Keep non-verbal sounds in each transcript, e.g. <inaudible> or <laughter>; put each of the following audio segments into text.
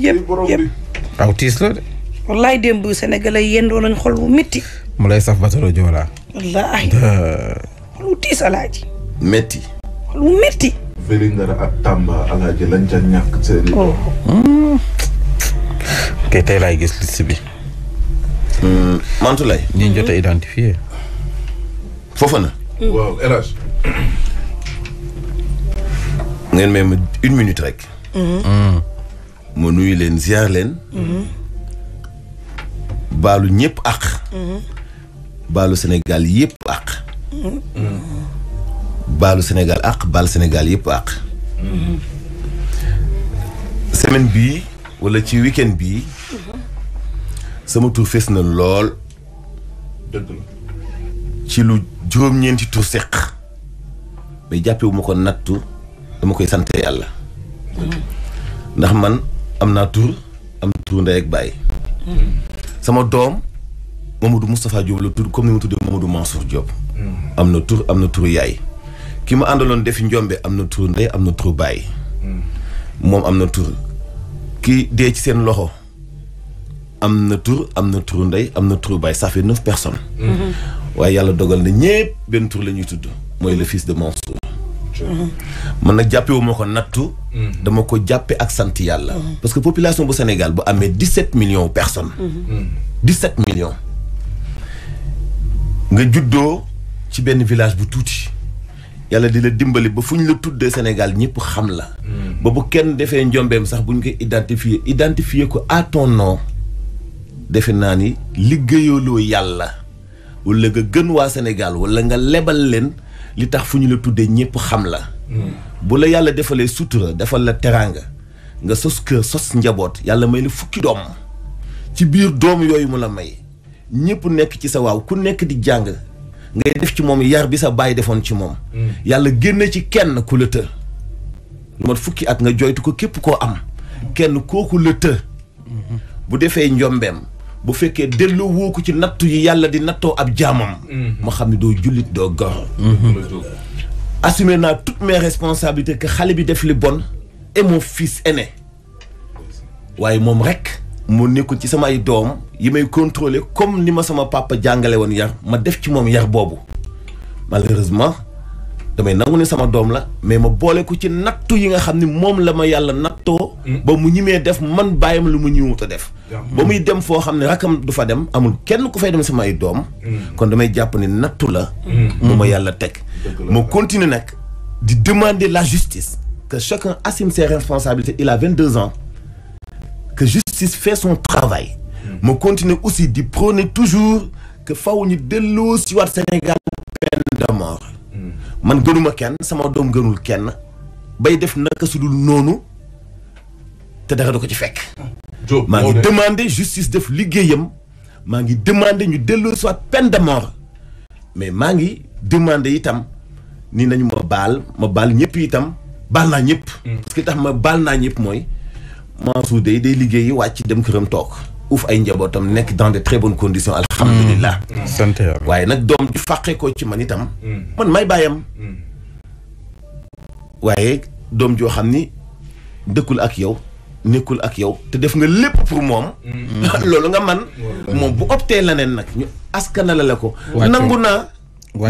yëpp yëpp aw tiis la de. wallaay démb Sénégalais yendoo nañ xol bu métti. mu lay saf batalo Joola. wallaahi. xol bu tiis alaaji. métti. xol bu métti. Oh. Hmm. kay tey laay gis liste bi. Hmm, Mantoulaye. ñi jot a identifié. foofa na. Hmm. une minute rek. ma nuy leen ziar leen. Mhm. baalu ñëpp àq. Mhm. baalu Sénégal yëpp àq. Mhm. baalu Sénégal àq baal Sénégal yëpp àq. semaine bii walla ci weekend bii. sama tur fees na lool. dëgg la ci lu juróom-ñeenti tur seq. jàppewuma ko nattu dama koy sant yàlla. ndax man am naa tour am tur ndey ak baay. Mm-hmm. sama doom Mamadou Moustapha Diop la tur comme ni ma tuddee Mamadou Mansour Diop. Mm-hmm. am na tur am na tur yaay. ki ma àndaloon defi njombe am na tour ndey am na tur baay. Mm-hmm. moom am na tour ki dee ci seen loxo am na tour am na tour ndey am na tour baay ça fait neuf personnes. waaye yàlla dogal na ñépp benn tur la ñuy tudd mooy le fils de Mansour. mën na jàppewuma ko nattu. Mm. dama ko jàppe ak sant yàlla. Mm. parce que population bu Sénégal bu amee dix sept millions personnes. Mm. dix sept millions. nga juddoo ci benn village bu tuuti. yàlla di la dimbali ba fu ñu la tuddee senegal ñëpp xam la. ba bu kenn defee njombeem sax bu ñu koy identifier identifier ko à ton defe naa ni liggéeyaloo yàlla wala nga gën waa Sénégal wala nga lebal leen. li tax fu ñu la tuddee ñëpp xam la bu la yàlla defalee sutura defal la teraanga nga sos kër sos njaboot yàlla may la fukki doom ci biir doom yooyu mu la may ñëpp nekk ci sa waaw ku nekk di jàng ngay def ci moom yar bi sa baay defoon ci moom yàlla génne ci kenn ku la të lu mat fukki at nga joytu ko képp koo am kenn kooku la të bu defee njombeem bu fekkee dellu woo ko ci nattu yi yàlla di nattoo ab jaamam. Mhm. ma xam ne doo jullit doo gor. Mhm. assumé naa toutes mes responsabilités que xale bi def li bon et mon fils aîné waaye moom rek mu nekkul ci samay doom yi may contrôler comme ni ma sama papa jàngale woon yar ma def ci moom yar boobu damay nangu ne sama doom la mais ma boole ko ci nattu yi nga xam ne moom la ma yàlla nattoo. Hmm. ba mu ñimee def man bàyyam lu mu ñëwut a def. Hmm. ba muy dem foo xam ne rakam du fa dem amul kenn ku fay dem samay doom. Hmm. kon damay jàpp ne nattu la. mu ma yàlla teg. ma continuer nag di demander la justice. que chacun assume ses responsabilités il a 22 ans. que justice fait son travail. ma continuer aussi di prone toujours que faw ñu delloo si waat Sénégal man gënuma kenn sama doom gënul kenn bay def naka su noonu te dara du ko ci fekk maa ngi demandé justice def liggéeyam maa ngi demandé ñu delloo soit peine de mort mais maa ngi demandé itam ni nañu ma baal ma baal ñëpp itam baal naa ñëpp mm. parce que tax ma baal naa ñëpp mooy Mansour day day liggéeyi wàcc dem këram toog uuf ay njabootam nekk dans de très bonnes conditions alhamdulilah mm. waaye nag doom ju fàqee ci man itam mm. man may bàyyam mm. waaye doom joo xam ni dëkkul ak yow nekkul ak yow te def nga lépp pour moom <laughs> loolu nga man moom bu optee leneen nag ñu askanala la ko nangu naa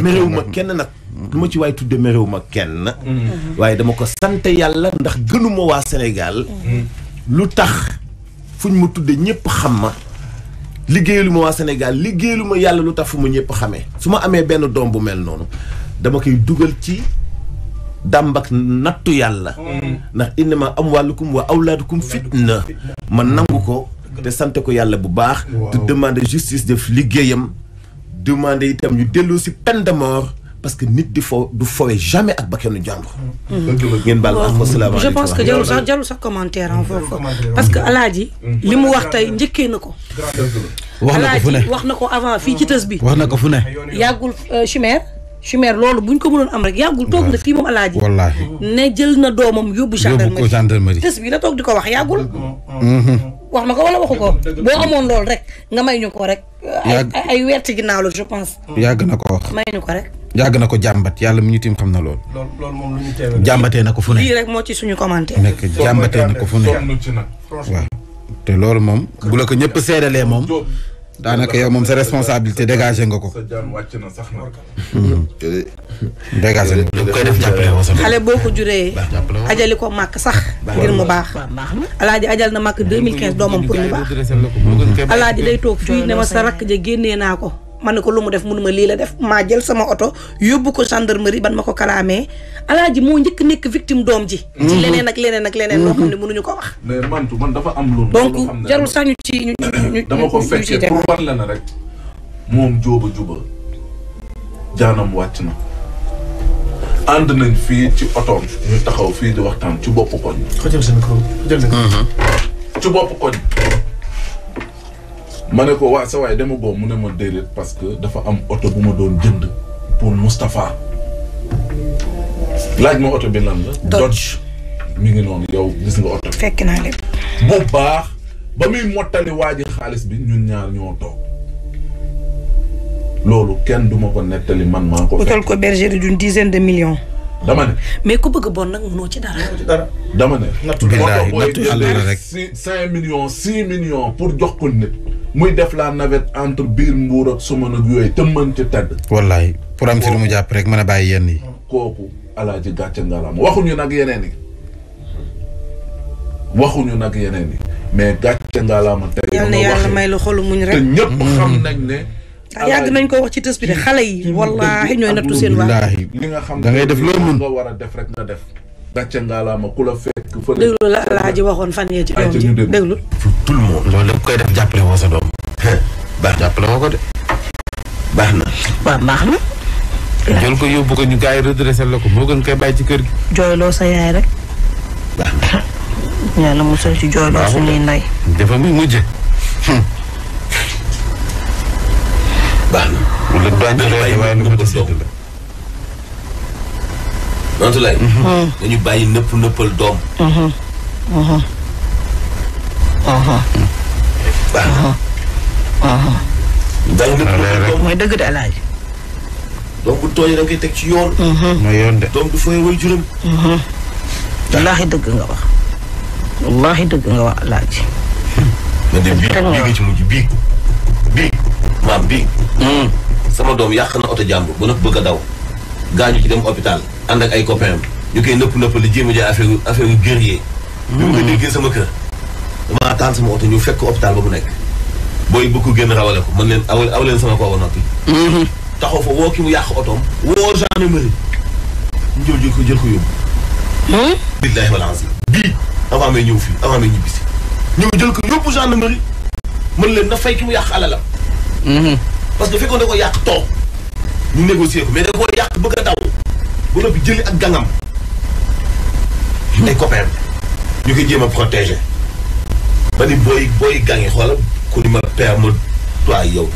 méréew ma kenn nag lu ma ci waay tudde méréew ma kenn waaye dama ko sant yàlla ndax gënuma waa Sénégal lu tax fuñ ma tuddee ñëpp xam ma liggéeyalu ma waa Sénégal liggéeyalu ma yàlla lu tax fu ma ñëpp xamee su ma amee benn doom bu mel noonu dama koy dugal ci dàmbak nattu yàlla ndax innama amwaalukum wa awlaadukum fitna ma nangu ko te sante ko yàlla bu baax te demander justice def liggéeyam demander itam ñu delloo si peine de parce que nit di fo du fowe jamais ak bakkanu jàmbur. ngeen baal pense que jarul sax jarul sax commentaire en foofu parce que alaaji mm. li mu wax tey njëkkee na ko. wax na ko fu ne wax na ko avant fii ci tës bi. wax na ko fu ne. yàggul euh, chimère. chimère loolu bu buñ ko mënoon am rek yàggul toog na fii moom alaaji. wallaahi ne jël na doomam yóbbu. gendarmerie yóbbu gendarmerie. tës bi la toog di ko wax yàggul. Mm-hmm. wax na ko wala waxu ko boo amoon loolu rek nga may ñu ko rek. ay ay weer ginnaaw la je pense. yàgg na ko wax may ñu ko yàgg na ko jàmbat yàlla mi ñu tim xam na loolu. loolu loolu moom lu na ko fu ne. lii rek moo ci suñu commentaire. nekk jàmbatee na ko fu ne waaw te loolu moom. bu la ko ñëpp seedalee moom. daanaka yow moom sa responsabilité dégagé nga ko. Hmm. dégagé nga ko. koy def jàppale woo xale boo ko juree. ajali ko màkk sax. ngir mu baax. alaaji ajal na màkk 2015 doomam pour mu baax. alaaji day toog fii ne ma sa rakk ja génnee naa ko. ma ne ko lu mu def ma lii la def maa jël sama oto yóbbu ko gendarmerie ban ma ko kalaamee alaaji moo njëkk nekk victime doom ji. ci mhm. leneen ak leneen ak leneen. loo xam ne mënuñu mhm. ko wax. mais man dafa am loolu. donc jarul sax ñu ci dama ko la na rek moom jóoba juba jaanam wàcc na. ànd nañ fii ci otoom ñu taxaw fii di waxtaan ci bopp koñ. ko jël sa mhm. ci bopp koñ. ma ne ko waa sa waay dama góob mu ne ma déedéet parce que dafa am oto bu ma doon jënd pour Moustapha laaj ma oto bi lan la. Dodge mi ngi noonu yow gis nga oto bi. fekk naa lépp. bu baax ba muy mottali waa ji xaalis bi ñun ñaar ñoo toog loolu kenn du ma ko nettali man maa ko. ko bergerie d'une dizaine de millions. dama ne. mais ku bëgg bon nag mënoo ci ci dara dama ne. nattu bi si cinq millions six millions pour jox ko nit. muy def la navette entre biir mbuur ak suma nag yooyu te mën ci tedd. wallaay pour am si lu mu jàpp rek mën a bàyyi yenn yi. kooku alaaji gàcce ngalaama waxuñu nag yeneen yi waxuñu nag yeneen yi mais gàcce ngalaama tey. yal na yàlla may lu xolu muñ rek te ñëpp mm-hmm. xam nañ ne. Ah, yàgg nañ ko wax ci tës xale yi. wallaahi ñooy nattu seen waa. li nga xam da ngay def loo mën nga war def rek def. gàcce ngalaama ku la fekk. déglu la alaaji waxoon fan yee ci déglu. tout le monde loolu koy def jàppale woo sa jàppale nga ko de. baax na. waaw baax na. jël ko yóbbu ko ñu gars yi redressé la ko boo gën koy bàyyi ci kër gi. jooyloo sa yaay rek. baax na. <laughs> yàlla musal ci jooyloo suñuy ndey. dafa muy mujj. <laughs> baax na. wala doyen waaye waaye lu ko dese la. donte lay. dañu bàyyi nëpp nëppal doom. Mhm. Mhm. baax na. Mhm. dañ ko mooy dëgg de alaaj doom bu tooñee da teg ci yoon. Mhm. mooy yoon de doom du fooy way juróom. Mhm. wallaahi dëgg nga wax wallaahi dëgg nga wax alaaj. na dem bii ci mujj bii bii maam bii. Mhm. sama doom yàq na oto jàmbur ba nëpp bëgg a daw gaañu ci dem hôpital ànd ak ay copain am ñu koy nëpp nëpp li jéem a jël affaire affaire yu guerrier. bi mu ko déggee sama kër damaa taal sama oto ñu fekk hôpital ba mu nekk. booy bëgg ko génn rawale ko mën leen aw aw leen sama koo ba noppi. Mhm. taxaw fa woo ki mu yàq otoom. woo gendarmerie. ñu jël jël ko jël ko yóbbu. Hmm? billaahi wal azim bii avant may ñëw fii avant may ñibbi si. ñëw jël ko yóbbu gendarmerie mën leen na fay ki mu yàq alalam. Mhm. parce que fekkoon da ko yàq toog. ñu négocier ko mais da koo yàq bëgg a daw. ba noppi jëli ak gàngam. ay copains ñu koy jéem a protéger. ba ni booy booy gàngi xoolal ku ni ma peer ma yow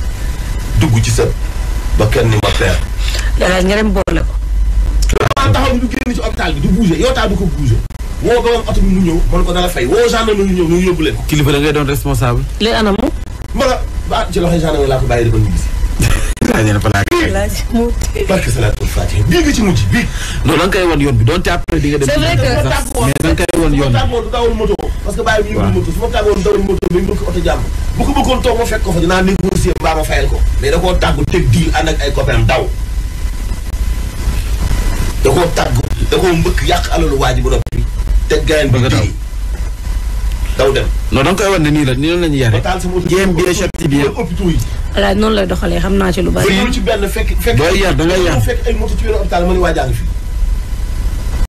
dugg ci sa ba kenn ni ma peer. yàlla nga boole ko. waaw taxaw du génn ci hôpital bi du bouger yow taa du ko bouger. woo ba woon oto bi ñëw man ko dara fay woo gendarme ñu ñëw ñu yóbbu leen. kilifa da ngay doon responsable. léegi anamu. ma la ba ah, ci loxo gendarme laa ko bàyyi di ba ñu laaj na balaa kay laaj mu tey. barke salaatul faatiha bii nga ci mujj bii. non da nga koy wan yoon bi donte après di nga dem. c'est vrai que mais da nga koy wan yoon bi. du dawal moto. parce que bàyyi ñu moto su ma tàggoon dawal moto bi mu ko oto jàmm. bu ko bëggoon toog ma fekk ko fa dinaa négocier mbaa ma fayal ko. mais da koo tàggu teg diil ànd ak ay copain daw. da koo tàggu da koo mbëkk yàq alalu waa ji ba noppi. teg gaañ bi daw daw dem. non da nga koy wan ne nii la nii la ñu yare. jéem bi alaaj noonu lay doxalee xam naa ci lu bari. booy yar da ngay yar fekk ay moto ci weeru hôpital ma ni waa jaa ngi fi.